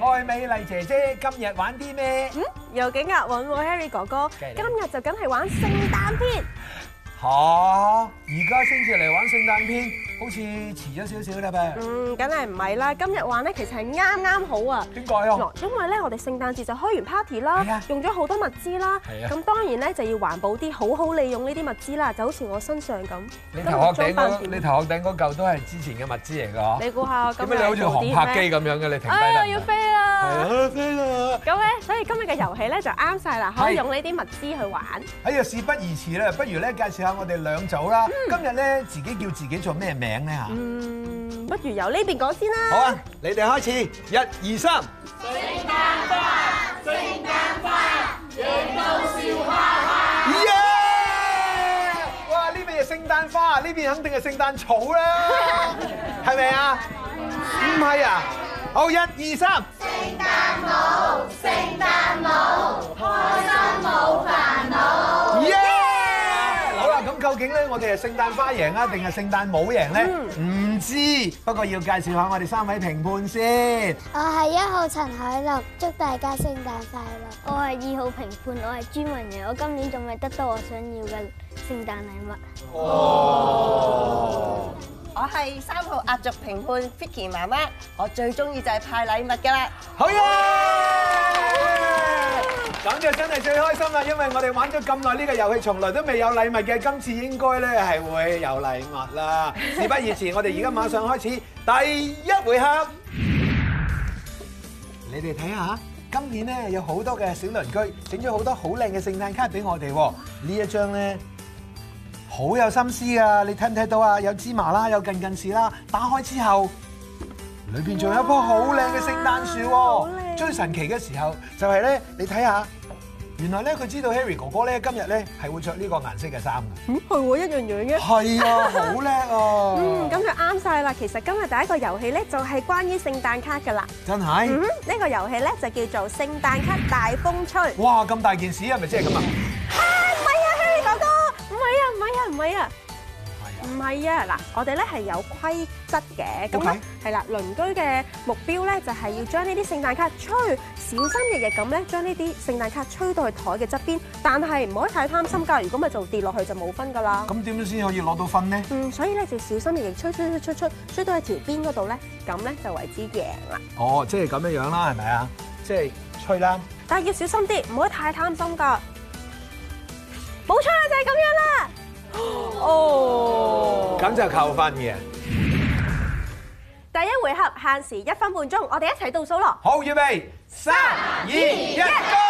哦、愛美麗姐姐，今日玩啲咩、嗯？有幾押韻喎，Harry 哥哥，今日就梗係玩聖誕片。好、啊，而家先至嚟玩聖誕片。好似遲咗少少啦，咪嗯，梗係唔係啦？今日玩咧其實係啱啱好啊。點解啊？因為咧，我哋聖誕節就開完 party 啦，用咗好多物資啦。係啊，咁當然咧就要環保啲，好好利用呢啲物資啦。就好似我身上咁，你頭殼頂嗰，你頭殼頂嗰嚿都係之前嘅物資嚟㗎。你估下，點解你好似航拍機咁樣嘅？你停低啦！哎呀，要飛啊！係啊，飛啦！咁咧，所以今日嘅遊戲咧就啱晒啦，可以用呢啲物資去玩。哎呀，事不宜遲啦，不如咧介紹下我哋兩組啦。今日咧自己叫自己做咩名？名咧嚇，嗯，不如由呢邊講先啦。好啊，你哋開始，一、二、三。聖誕花，聖誕花，迎到笑哈哈。耶！哇，呢邊係聖誕花，呢邊肯定係聖誕草啦，係咪啊？唔係啊，好，一、二、三。聖誕舞，聖誕舞，開心舞翻。究竟咧，我哋係聖誕花贏啊，定係聖誕帽贏咧？唔、嗯、知道，不過要介紹下我哋三位評判先我是。我係一號陳海樂，祝大家聖誕快樂。我係二號評判，我係朱文穎，我今年仲未得到我想要嘅聖誕禮物。哦、我係三號壓軸評判 Fiki 媽媽，我最中意就係派禮物噶啦。好呀！咁就真係最開心啦，因為我哋玩咗咁耐呢個遊戲，從來都未有禮物嘅，今次應該咧係會有禮物啦。事不宜遲，我哋而家馬上開始第一回合。你哋睇下，今年咧有好多嘅小鄰居整咗好多好靚嘅聖誕卡俾我哋，呢一張咧好有心思啊！你睇唔睇到啊？有芝麻啦，有近近視啦，打開之後裏邊仲有一棵好靚嘅聖誕樹。最神奇嘅時候就係咧，你睇下，原來咧佢知道 Harry 哥哥咧今日咧係會著呢個顏色嘅衫嘅。嗯，係喎，一樣樣嘅。係啊，好叻啊！嗯，咁就啱晒啦。其實今日第一個遊戲咧就係關於聖誕卡㗎啦。真係？嗯，呢個遊戲咧就叫做聖誕卡大風吹。哇，咁大件事啊，係咪即係咁啊！唔係啊，Harry 哥哥，唔係啊，唔係啊，唔係啊！唔係啊，嗱，我哋咧係有規則嘅，咁啊，係啦，鄰居嘅目標咧就係要將呢啲聖誕卡吹，小心翼翼咁咧，將呢啲聖誕卡吹到去台嘅側邊，但係唔可以太貪心噶，如果咪就跌落去就冇分噶啦。咁點樣先可以攞到分呢？嗯，所以咧就小心翼翼吹，吹，吹，吹，吹到去條邊嗰度咧，咁咧就為之贏啦。哦，即係咁樣樣啦，係咪啊？即係吹啦，但係要小心啲，唔可以太貪心噶。冇錯，就係咁樣啦。哦，咁就扣分嘅。第一回合限時一分半鐘，我哋一齊倒數咯。好，預備，三、二、一、Go！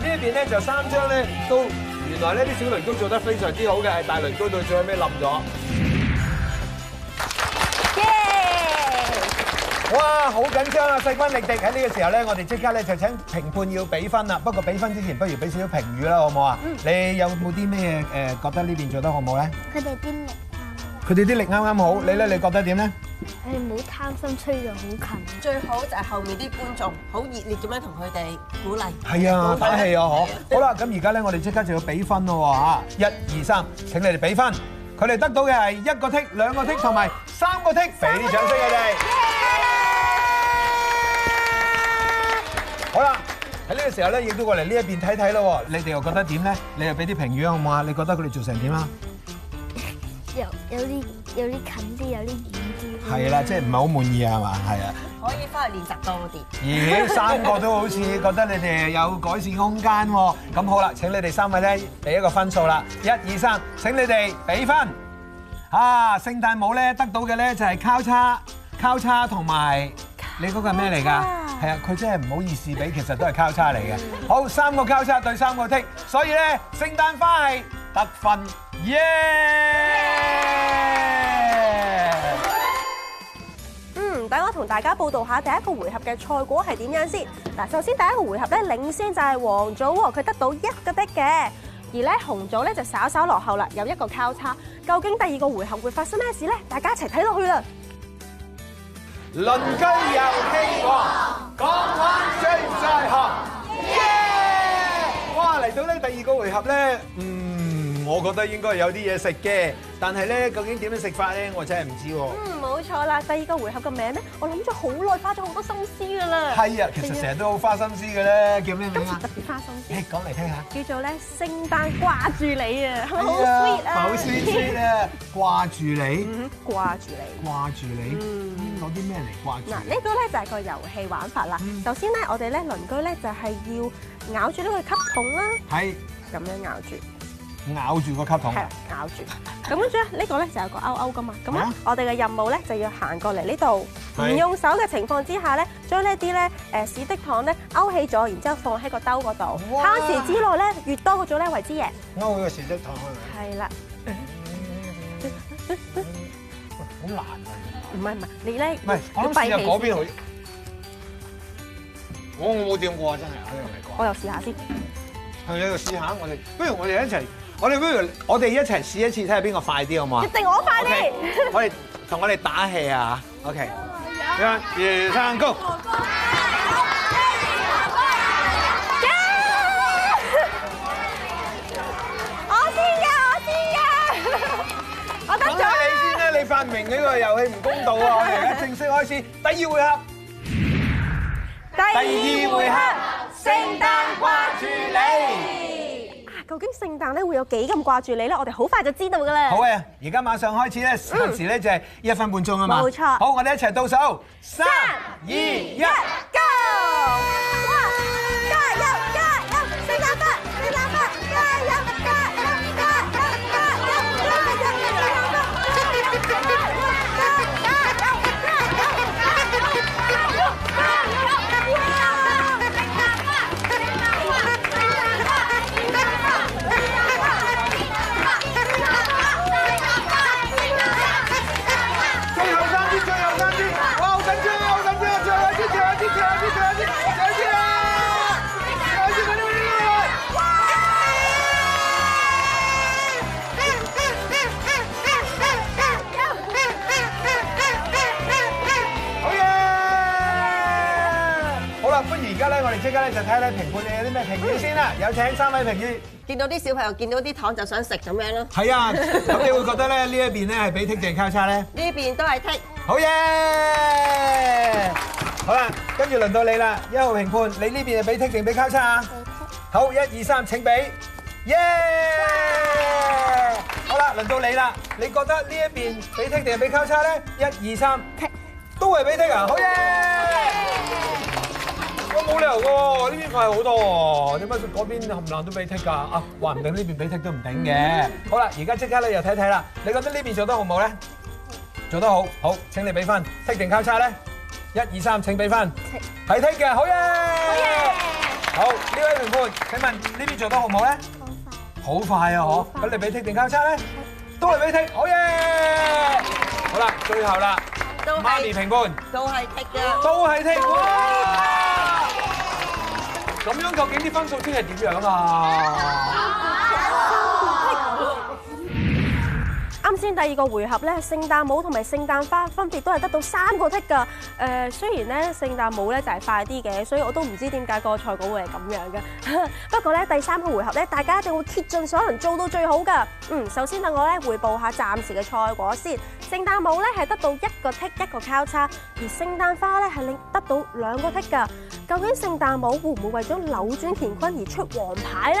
呢邊咧就三張咧都原來呢啲小龍都做得非常之好嘅，係大龍居到最後尾冧咗。耶！哇，好緊張啊，勢均力敵喺呢個時候咧，我哋即刻咧就請評判要俾分啦。不過俾分之前，不如俾少少評語啦，好唔好啊？你有冇啲咩誒覺得呢邊做得好唔好咧？佢哋啲力，佢哋啲力啱啱好。你咧，你覺得點咧？你唔好貪心吹，吹咗好近。最好就係後面啲觀眾好熱烈咁樣同佢哋鼓勵。係啊，嗯、打氣啊，嗬。好啦，咁而家咧，我哋即刻就要俾分咯，吓，一二三，請你哋俾分。佢哋得到嘅係一個剔、兩個剔同埋三個剔。俾啲掌聲佢哋。Yeah! 好啦，喺呢個時候咧，亦都過嚟呢一邊睇睇咯。你哋又覺得點咧？你又俾啲評語啊，好唔好啊？你覺得佢哋做成點啊？有有啲有啲近啲，有啲係啦，即係唔係好滿意啊？係嘛，係啊，可以翻去練習多啲。咦，三個都好似覺得你哋有改善空間喎，哦。咁 好啦，請你哋三位咧俾一個分數啦，一二三，請你哋俾分。啊，聖誕帽咧得到嘅咧就係交叉、交叉同埋你嗰個係咩嚟㗎？係啊，佢真係唔好意思俾，其實都係交叉嚟嘅。 好，三個交叉對三個剔，所以咧聖誕花係得分，耶、yeah! yeah!！等我同大家報道下第一個回合嘅賽果係點樣先。嗱，首先第一個回合咧，領先就係黃組喎，佢得到一個的嘅，而咧紅組咧就稍稍落後啦，有一個交叉。究竟第二個回合會發生咩事咧？大家一齊睇落去啦。鄰居又希望講翻雙賽合，哇！嚟到咧第二個回合咧，嗯。我覺得應該有啲嘢食嘅，但係咧究竟點樣食法咧，我真係唔知喎。嗯，冇錯啦，第二個回合嘅名咧，我諗咗好耐，花咗好多心思噶啦。係啊，其實成日都好花心思嘅咧，叫咩名啊？今次特別花心思。講嚟聽下。叫做咧聖誕掛住你啊，啊！好 sweet 啊，好 sweet 啊，掛住你，掛住你，掛住你。嗯。攞啲咩嚟掛住？嗱，呢個咧就係個遊戲玩法啦。首先咧，我哋咧鄰居咧就係要咬住呢個吸筒啦。係。咁樣咬住。咬住個吸筒，係咬住。咁跟住咧，呢個咧就有個勾勾噶嘛。咁啊，我哋嘅任務咧就要行過嚟呢度，唔用手嘅情況之下咧，將呢啲咧誒屎的糖咧勾起咗，然之後放喺個兜嗰度。慳時之內咧，越多嗰種咧為之贏。勾呢個屎的糖開嚟。係啦。好難啊！唔係唔係，你咧唔係，我試邊佢。我我冇掂過啊，真係，我同你講。我又試下先。去你度試下，我哋不如我哋一齊。我哋不如我哋一齊試一次睇下邊個快啲好唔好？一定我快啲。我哋同我哋打氣啊！OK。一二三，Go。我先嘅，我先嘅。我得咗啦！講下你先咧，你發明呢個遊戲唔公道啊！我哋要正式開始第二回合。第二回合，聖誕掛住你。究竟聖誕咧會有幾咁掛住你咧？我哋好快就知道噶啦！好嘅，而家馬上開始咧，同時咧就係一分半鐘啊嘛！冇錯，好，我哋一齊倒數，三、二、一。我哋即刻咧就睇睇評判你有啲咩評語先啦，有請三位評判。見到啲小朋友見到啲糖就想食咁樣咯。係啊，咁你會覺得咧呢一邊咧係俾剔定交叉咧？呢邊都係剔。好嘢！好啦，跟住輪到你啦，一號評判，你呢邊係俾剔定俾交叉啊？剔。好，一、二、三，請俾。耶！好啦，輪到你啦，你覺得呢一邊俾剔定俾交叉咧？一、二、三，剔，都係俾剔啊！好嘢！冇理由噶，呢邊快好多喎。點解嗰邊冚唪唥都俾剔㗎？啊，話唔定呢邊俾剔都唔定嘅。好啦，而家即刻咧又睇睇啦。你覺得呢邊做得好唔好咧？做得好，好。請你俾分剔定交叉咧，一二三，請俾分。係剔嘅，好嘢。好，呢位評判，請問呢邊做得好唔好咧？好快，好快啊！可咁，你俾剔定交叉咧？都係俾剔，好嘢。好啦，最後啦，到媽咪評判，都係剔嘅，都係剔。咁樣究竟啲分數先係點樣啊？ 啱先第二個回合咧，聖誕帽同埋聖誕花分別都係得到三個剔噶。誒，雖然咧聖誕帽咧就係快啲嘅，所以我都唔知點解個賽果會係咁樣嘅。不過咧第三個回合咧，大家一定會竭盡所能做到最好噶。嗯，首先等我咧匯報下暫時嘅賽果先。聖誕帽咧係得到一個剔一個交叉，而聖誕花咧係令得到兩個剔噶。究竟聖誕帽會唔會為咗扭轉乾坤而出黃牌咧？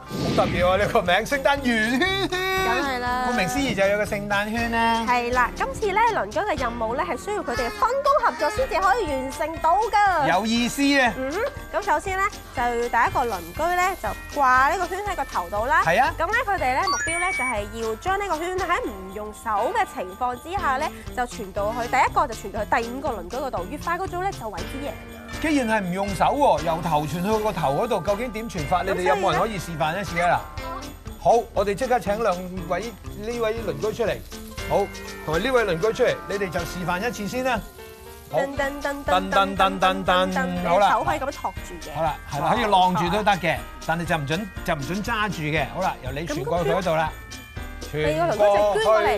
好特別喎！呢個名聖誕圓圈，梗係啦，顧名思義就有個聖誕圈咧。係啦，今次咧鄰居嘅任務咧係需要佢哋分工合作先至可以完成到㗎。有意思啊！嗯哼，咁首先咧就要第一個鄰居咧就掛呢個圈喺個頭度啦。係啊，咁咧佢哋咧目標咧就係要將呢個圈喺唔用手嘅情況之下咧就傳到去第一個就傳到去第五個鄰居嗰度，越快嗰種咧就為之贏。既然係唔用手喎，由頭傳去個頭嗰度，究竟點傳法？你哋有冇人可以示範咧？時間啦，好，我哋即刻請兩位呢位鄰居出嚟，好，同埋呢位鄰居出嚟，你哋就示範一次先啦。噔噔噔噔噔噔噔噔，好啦，手可以咁托住嘅，好啦，係啦，可以晾住都得嘅，但係就唔准就唔准揸住嘅，好啦，由你傳過去嗰度啦。你個鄰居就捐過嚟，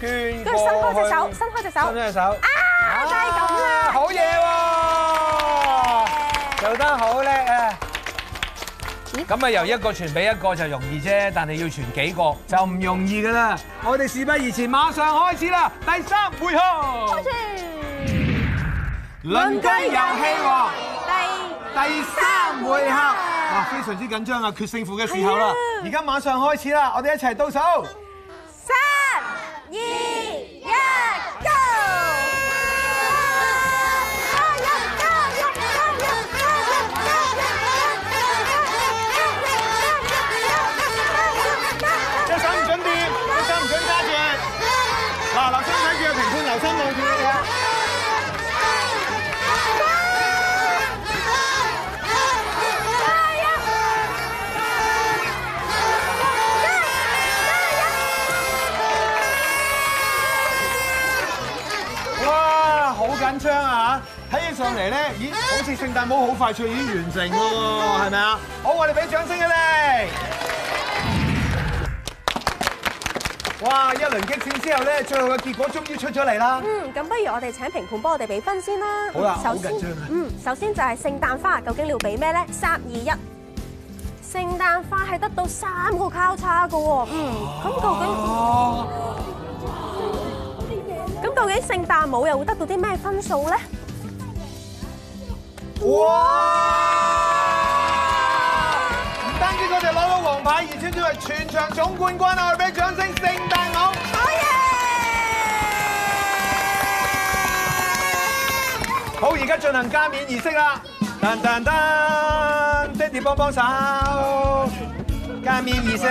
捐過去，跟住伸開隻手，伸開隻手，伸開隻手，啊！就係咁啦，好嘢，做得好咧。咁、嗯、啊，由一個傳俾一個就容易啫，但係要傳幾個就唔容易噶啦。我哋事不宜遲，馬上開始啦！第三回合，開始，輪對遊戲喎、哦，第第三回合，非常之緊張啊，決勝負嘅時候啦！而家馬上開始啦，我哋一齊倒數，三二一。嚟咧，咦，好似聖誕帽好快脆已經完成咯喎，係咪啊？好，我哋俾掌聲佢哋。哇！一輪激戰之後咧，最後嘅結果終於出咗嚟啦。嗯，咁不如我哋請評判幫我哋俾分先啦。好啦，好緊張啊。嗯，首先就係聖誕花，究竟你要俾咩咧？三二一，聖誕花係得到三個交叉噶喎。嗯，咁究竟，咁究竟聖誕帽又會得到啲咩分數咧？哇！唔單止我哋攞到黃牌，而且仲係全場總冠軍啊！我哋俾掌聲，聖誕帽好，好，而家進行加冕儀式啦！噔噔噔，爹哋幫幫手，加冕儀式，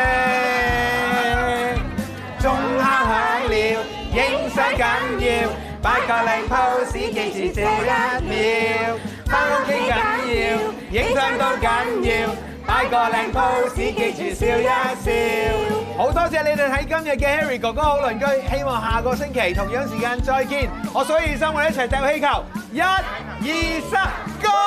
鐘敲響了，影相緊要，擺個靚 pose，記住這一秒。生都緊要，影相都緊要，擺個靚 pose，記住笑一笑。好多謝你哋喺今日嘅 Harry 哥哥好鄰居，希望下個星期同樣時間再見。我所以生，我哋一齊抌氣球，一、二、三、Go。